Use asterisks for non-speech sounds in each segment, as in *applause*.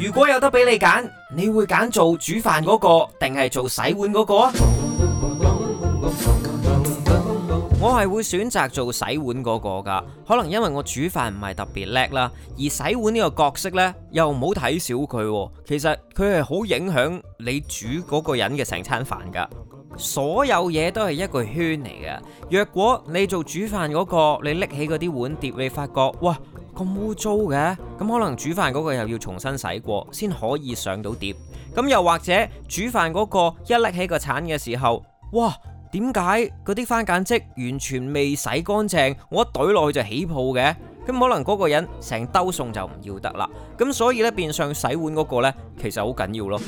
如果有得俾你揀，你會揀做煮飯嗰個定係做洗碗嗰個啊？ *music* 我係會選擇做洗碗嗰個噶，可能因為我煮飯唔係特別叻啦，而洗碗呢個角色呢，又唔好睇小佢，其實佢係好影響你煮嗰個人嘅成餐飯噶。所有嘢都係一個圈嚟嘅。若果你做煮飯嗰個，你拎起嗰啲碗碟，你發覺哇～咁污糟嘅，咁可能煮飯嗰個又要重新洗過，先可以上到碟。咁又或者煮飯嗰個一拎起個鏟嘅時候，哇，點解嗰啲番梘漬完全未洗乾淨，我一懟落去就起泡嘅？咁可能嗰個人成兜餸就唔要得啦。咁所以咧，變相洗碗嗰個呢，其實好緊要咯。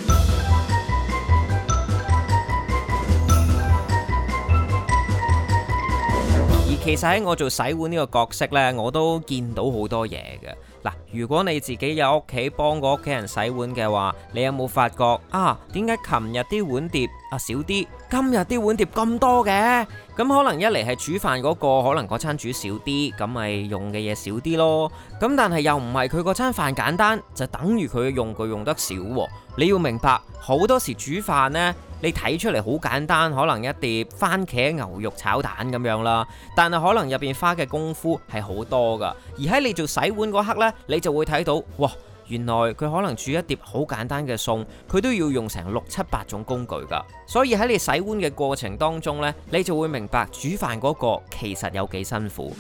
其實喺我做洗碗呢個角色呢，我都見到好多嘢嘅。嗱，如果你自己有屋企幫過屋企人洗碗嘅話，你有冇發覺啊？點解琴日啲碗碟少啲，今日啲碗碟咁多嘅？咁可能一嚟係煮飯嗰個，可能嗰餐煮少啲，咁咪用嘅嘢少啲咯。咁但係又唔係佢嗰餐飯簡單，就等於佢嘅用具用得少。你要明白，好多時煮飯呢，你睇出嚟好簡單，可能一碟番茄牛肉炒蛋咁樣啦，但係可能入邊花嘅功夫係好多噶。而喺你做洗碗嗰刻呢，你就會睇到，哇！原來佢可能煮一碟好簡單嘅餸，佢都要用成六七百種工具㗎。所以喺你洗碗嘅過程當中呢，你就會明白煮飯嗰個其實有幾辛苦。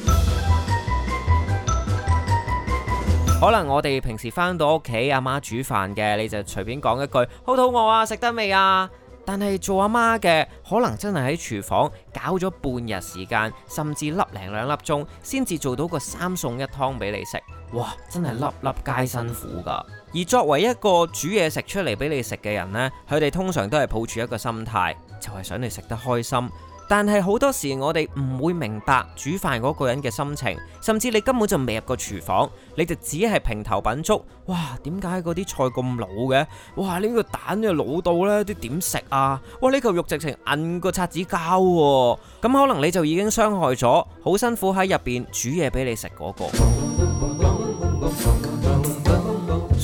可能我哋平時返到屋企，阿媽煮飯嘅，你就隨便講一句：好肚餓啊，食得未啊？但係做阿媽嘅，可能真係喺廚房搞咗半日時間，甚至粒零兩粒鐘，先至做到個三餸一湯俾你食。哇！真係粒粒皆辛苦噶而作為一個煮嘢食出嚟俾你食嘅人呢，佢哋通常都係抱住一個心態，就係、是、想你食得開心。但係好多時我哋唔會明白煮飯嗰個人嘅心情，甚至你根本就未入過廚房，你就只係平頭品足。哇！點解嗰啲菜咁老嘅？哇！呢、這個蛋又老到呢，都點食啊？哇！呢嚿肉直情韌個刷子膠、啊，咁可能你就已經傷害咗好辛苦喺入邊煮嘢俾你食嗰、那個。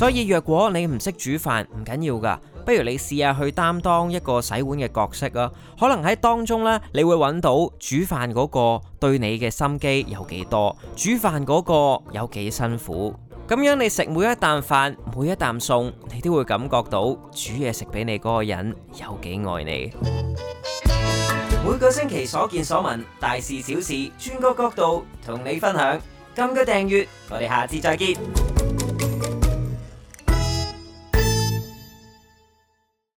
所以若果你唔識煮飯唔緊要噶，不如你試下去擔當一個洗碗嘅角色啊。可能喺當中咧，你會揾到煮飯嗰個對你嘅心機有幾多，煮飯嗰個有幾辛苦。咁樣你食每一啖飯，每一啖餸，你都會感覺到煮嘢食俾你嗰個人有幾愛你。每個星期所見所聞，大事小事，轉個角度同你分享。撳個訂閱，我哋下次再見。